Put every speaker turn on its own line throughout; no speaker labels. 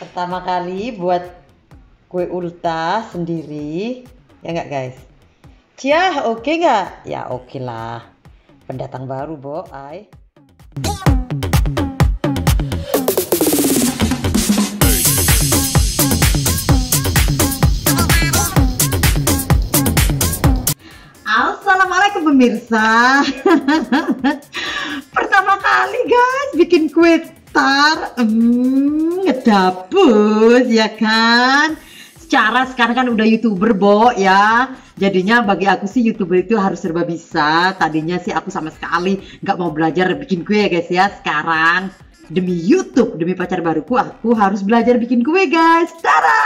Pertama kali buat kue ulta sendiri, ya nggak guys? cia oke okay nggak? Ya oke okay lah. Pendatang baru, ai Assalamualaikum pemirsa. Pertama kali guys bikin kue tar. Hmm dapet ya kan cara sekarang kan udah youtuber bo ya jadinya bagi aku sih youtuber itu harus serba bisa tadinya sih aku sama sekali nggak mau belajar bikin kue ya guys ya sekarang demi YouTube demi pacar baruku aku harus belajar bikin kue guys Cara.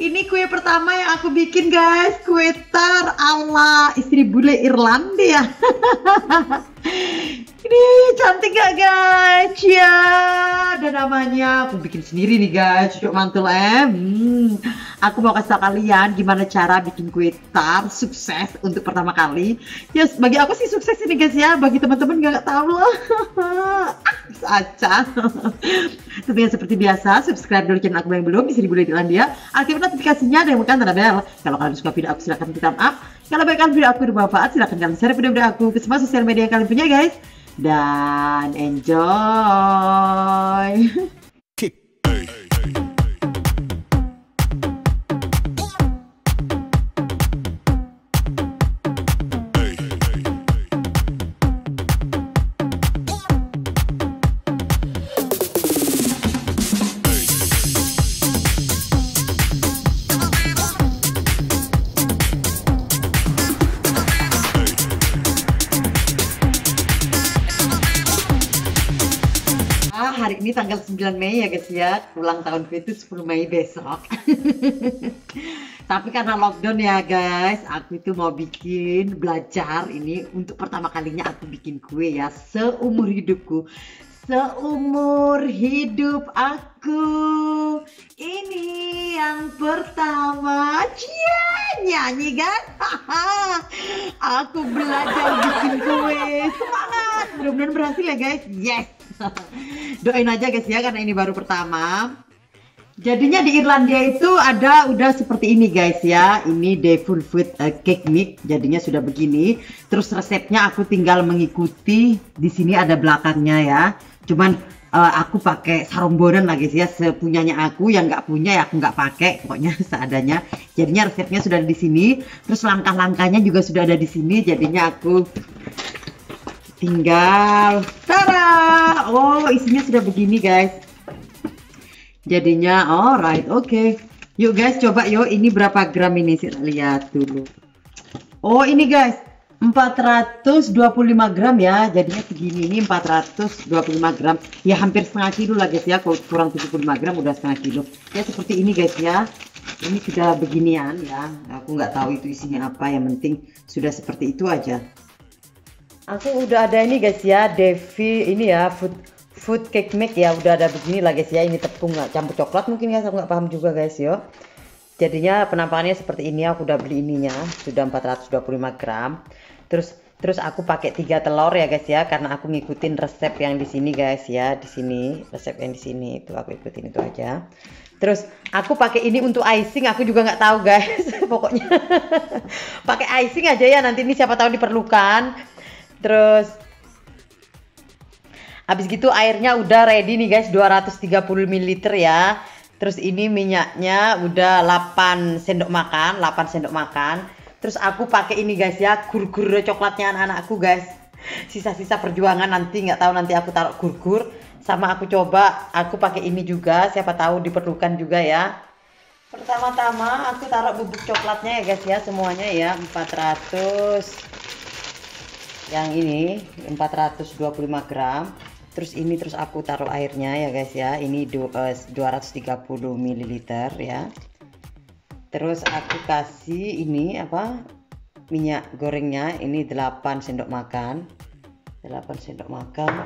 ini kue pertama yang aku bikin guys kue tar ala istri bule Irlandia Ini cantik gak guys? Ya, ada namanya. Aku bikin sendiri nih guys, cucuk mantul eh. Hmm. Aku mau kasih tau kalian gimana cara bikin kue tar sukses untuk pertama kali. Ya, yes, bagi aku sih sukses ini guys ya. Bagi teman-teman gak tau loh. Ah, Acah. Tentunya seperti biasa, subscribe dulu channel aku yang belum, bisa dibuat di dia. Aktifkan notifikasinya dan bukan tanda bel. Kalau kalian suka video aku silahkan di up kalau kalian video aku bermanfaat, silahkan kalian share video-video aku ke semua sosial media yang kalian punya guys. Dan enjoy! ini tanggal 9 Mei ya guys ya. Ulang tahun gue itu 10 Mei besok. Tapi karena lockdown ya guys, aku itu mau bikin belajar ini untuk pertama kalinya aku bikin kue ya seumur hidupku. Seumur hidup aku ini yang pertama. Cia, nyanyi kan? aku belajar bikin kue. Semangat. Mudah-mudahan berhasil ya guys. Yes. Doain aja guys ya karena ini baru pertama. Jadinya di Irlandia itu ada udah seperti ini guys ya. Ini full Food eh, Cake Mix jadinya sudah begini. Terus resepnya aku tinggal mengikuti di sini ada belakangnya ya. Cuman uh, aku pakai sarung boran lah guys ya sepunyanya aku yang nggak punya ya aku nggak pakai pokoknya seadanya. Jadinya resepnya sudah ada di sini. Terus langkah-langkahnya juga sudah ada di sini. Jadinya aku tinggal tara oh isinya sudah begini guys jadinya alright oh, oke okay. yuk guys coba yuk ini berapa gram ini sih lihat dulu oh ini guys 425 gram ya jadinya segini ini 425 gram ya hampir setengah kilo lah guys ya kalau kurang 75 gram udah setengah kilo ya seperti ini guys ya ini sudah beginian ya aku nggak tahu itu isinya apa yang penting sudah seperti itu aja Aku udah ada ini guys ya, Devi ini ya food food cake mix ya udah ada begini lah guys ya ini tepung nggak campur coklat mungkin ya aku nggak paham juga guys yo jadinya penampakannya seperti ini aku udah beli ininya sudah 425 gram terus terus aku pakai tiga telur ya guys ya karena aku ngikutin resep yang di sini guys ya di sini resep yang di sini itu aku ikutin itu aja terus aku pakai ini untuk icing aku juga nggak tahu guys pokoknya pakai icing aja ya nanti ini siapa tahu diperlukan Terus habis gitu airnya udah ready nih guys 230 ml ya. Terus ini minyaknya udah 8 sendok makan, 8 sendok makan. Terus aku pakai ini guys ya, gur-gur coklatnya anak-anakku guys. Sisa-sisa perjuangan nanti nggak tahu nanti aku taruh gur-gur sama aku coba aku pakai ini juga siapa tahu diperlukan juga ya pertama-tama aku taruh bubuk coklatnya ya guys ya semuanya ya 400 yang ini 425 gram terus ini terus aku taruh airnya ya guys ya ini 230 eh, ml ya terus aku kasih ini apa minyak gorengnya ini 8 sendok makan 8 sendok makan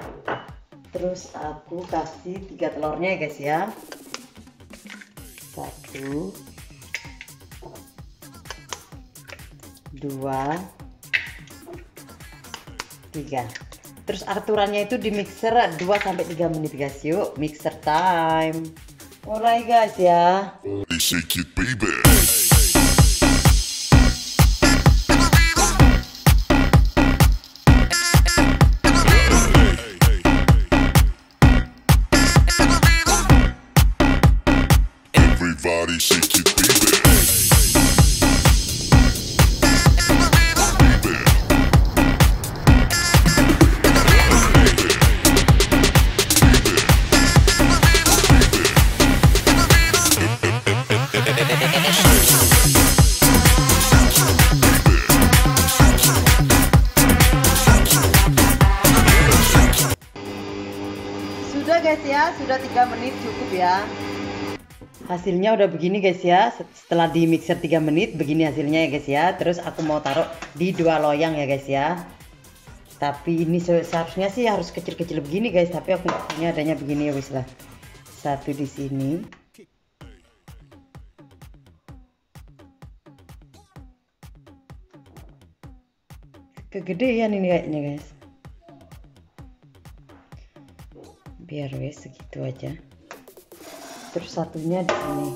terus aku kasih tiga telurnya ya guys ya satu dua 3. terus aturannya itu di mixer 2 sampai 3 menit guys yuk mixer time Mulai guys ya sedikit baby sudah 3 menit cukup ya hasilnya udah begini guys ya setelah di mixer 3 menit begini hasilnya ya guys ya terus aku mau taruh di dua loyang ya guys ya tapi ini seharusnya sih harus kecil-kecil begini guys tapi aku punya adanya begini ya guys lah satu di sini kegedean ini kayaknya guys biar wes segitu aja terus satunya di sini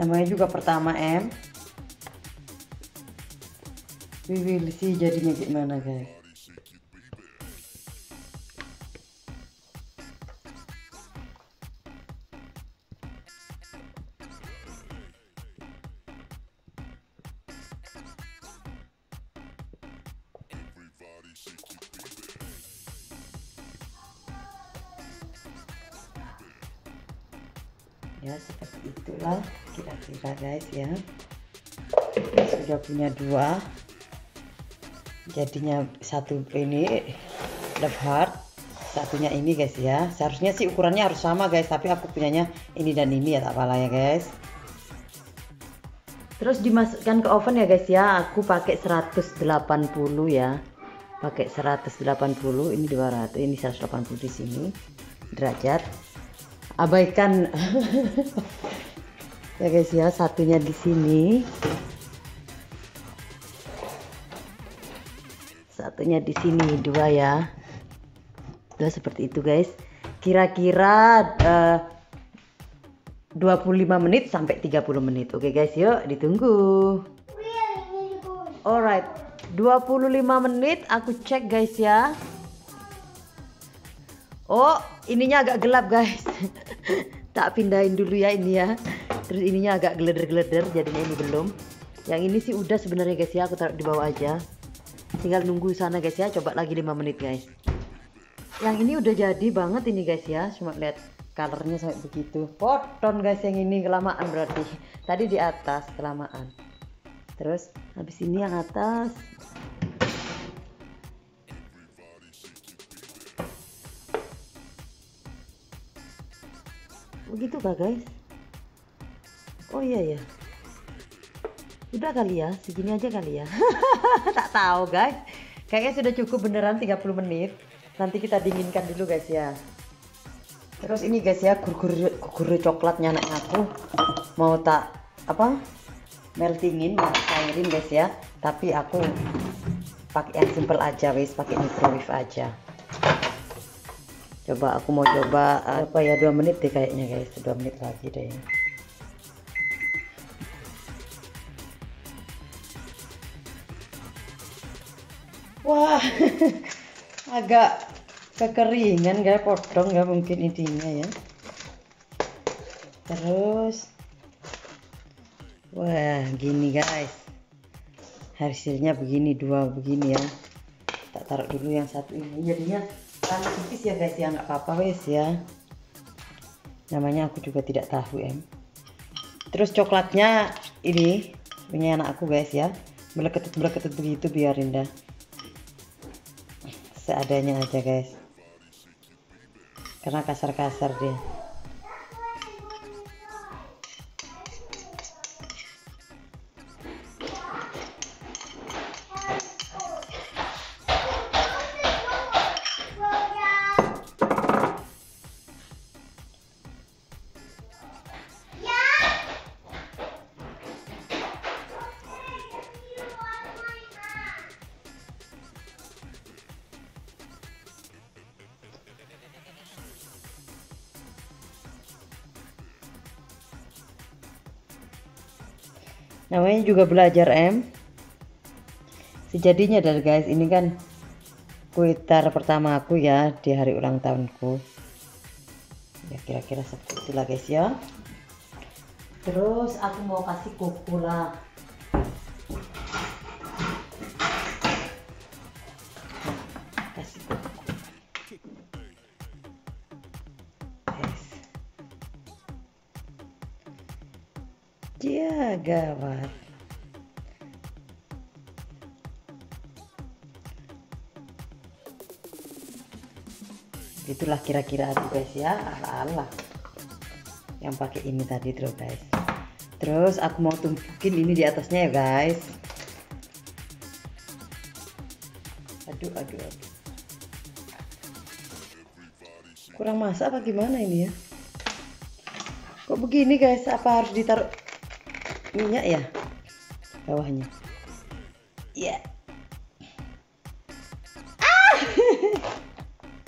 namanya juga pertama M we will see jadinya gimana guys kita kira guys ya sudah punya dua jadinya satu ini love heart satunya ini guys ya seharusnya sih ukurannya harus sama guys tapi aku punyanya ini dan ini ya tak apalah ya guys terus dimasukkan ke oven ya guys ya aku pakai 180 ya pakai 180 ini 200 ini 180 di sini derajat abaikan ya guys ya satunya di sini satunya di sini dua ya dua seperti itu guys kira-kira eh, uh, 25 menit sampai 30 menit oke okay, guys yuk ditunggu alright 25 menit aku cek guys ya oh ininya agak gelap guys tak pindahin dulu ya ini ya terus ininya agak geleder-geleder jadinya ini belum yang ini sih udah sebenarnya guys ya aku taruh di bawah aja tinggal nunggu sana guys ya coba lagi 5 menit guys yang ini udah jadi banget ini guys ya cuma lihat colornya sampai begitu poton guys yang ini kelamaan berarti tadi di atas kelamaan terus habis ini yang atas begitu kah guys oh iya ya udah kali ya segini aja kali ya tak tahu guys kayaknya sudah cukup beneran 30 menit nanti kita dinginkan dulu guys ya terus ini guys ya gugur gugur coklatnya anak aku mau tak apa meltingin mau cairin guys ya tapi aku pakai yang simple aja guys pakai microwave aja coba aku mau coba eh, apa ya dua menit deh kayaknya guys dua menit lagi deh wah agak kekeringan gak Potong gak mungkin intinya ya terus wah gini guys hasilnya begini dua begini ya tak taruh dulu yang satu ini jadinya iya, karena tipis ya guys ya nggak apa-apa guys ya namanya aku juga tidak tahu ya terus coklatnya ini punya anak aku guys ya beleketut beleketut begitu biar indah seadanya aja guys karena kasar-kasar dia namanya juga belajar M sejadinya dari guys ini kan kuitar pertama aku ya di hari ulang tahunku ya kira-kira seperti itulah guys ya terus aku mau kasih kukulah gawat itulah kira-kira tuh guys ya ala-ala yang pakai ini tadi tuh guys terus aku mau tumpukin ini di atasnya ya guys aduh aduh aduh kurang masak apa gimana ini ya kok begini guys apa harus ditaruh minyak ya bawahnya ya yeah. ah!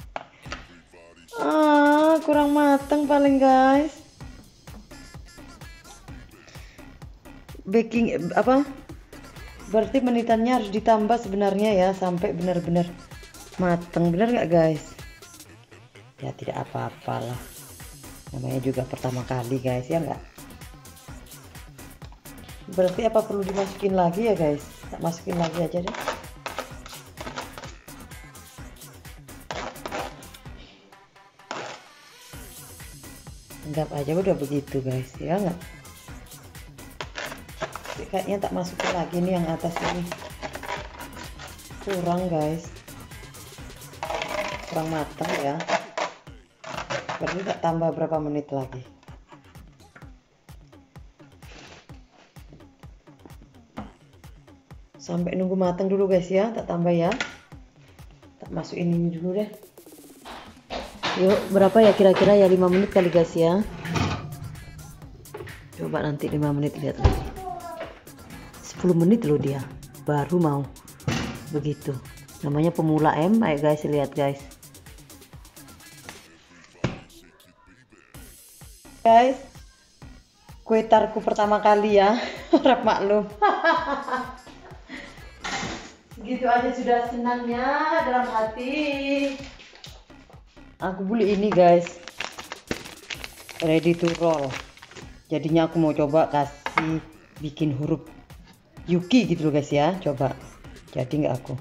ah kurang matang paling guys baking apa berarti menitannya harus ditambah sebenarnya ya sampai benar-benar matang bener nggak guys ya tidak apa-apalah namanya juga pertama kali guys ya nggak berarti apa perlu dimasukin lagi ya guys tak masukin lagi aja deh anggap aja udah begitu guys ya enggak kayaknya tak masukin lagi nih yang atas ini kurang guys kurang matang ya berarti tak tambah berapa menit lagi sampai nunggu matang dulu guys ya tak tambah ya tak masukin ini dulu deh yuk berapa ya kira-kira ya 5 menit kali guys ya coba nanti 5 menit lihat lagi 10 menit loh dia baru mau begitu namanya pemula M ayo guys lihat guys guys kue tarku pertama kali ya harap maklum Gitu aja sudah senangnya dalam hati. Aku beli ini guys. Ready to roll. Jadinya aku mau coba kasih bikin huruf Yuki gitu loh guys ya. Coba. Jadi nggak aku.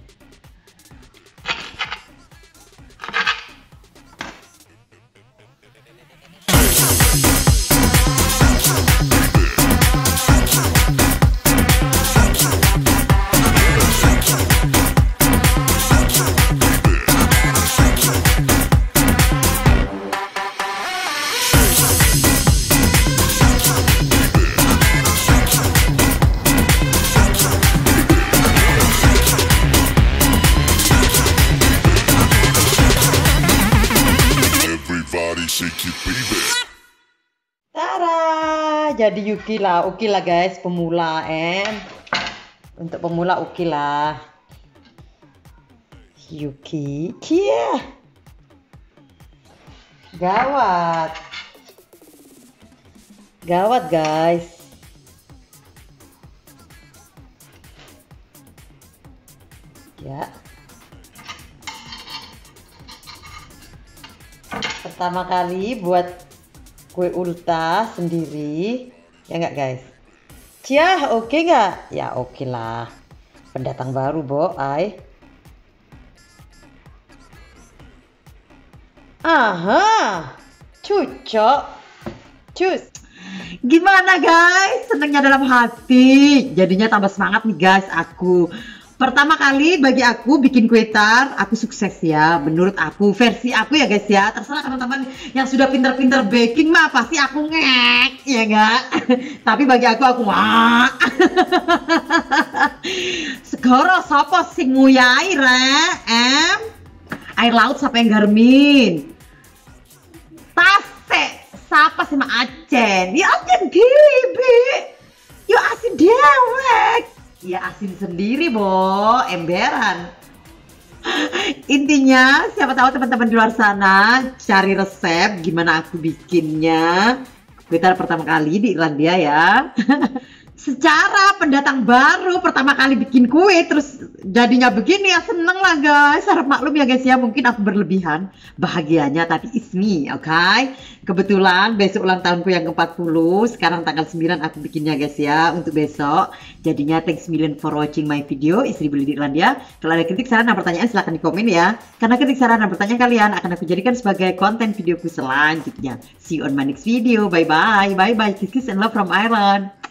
jadi Yuki lah oke lah guys pemula em untuk pemula oke okay lah Yuki kia gawat gawat guys ya pertama kali buat Kue ulta sendiri ya nggak guys Ciah oke okay nggak ya oke okay lah pendatang baru ay aha cucok cus gimana guys senengnya dalam hati jadinya tambah semangat nih guys aku Pertama kali bagi aku bikin kue tar, aku sukses ya. Menurut aku, versi aku ya guys ya. Terserah teman-teman yang sudah pinter-pinter baking mah pasti aku ngek, ya enggak? Tapi bagi aku, aku wah. Segoro sopo sing nguyai re, em? Air laut siapa yang garmin? Tase, siapa sih ma acen? Ya acen bi. yo ya asin dia. Ya asin sendiri, Bo. Emberan. Intinya, siapa tahu teman-teman di luar sana cari resep gimana aku bikinnya. Kita pertama kali di Irlandia ya. secara pendatang baru pertama kali bikin kue terus jadinya begini ya seneng lah guys harap maklum ya guys ya mungkin aku berlebihan bahagianya tapi ismi oke okay? kebetulan besok ulang tahunku yang ke-40 sekarang tanggal 9 aku bikinnya guys ya untuk besok jadinya thanks million for watching my video istri beli di Irlandia kalau ada kritik saran dan pertanyaan silahkan di komen ya karena kritik saran dan pertanyaan kalian akan aku jadikan sebagai konten videoku selanjutnya see you on my next video bye bye bye bye kiss kiss and love from Ireland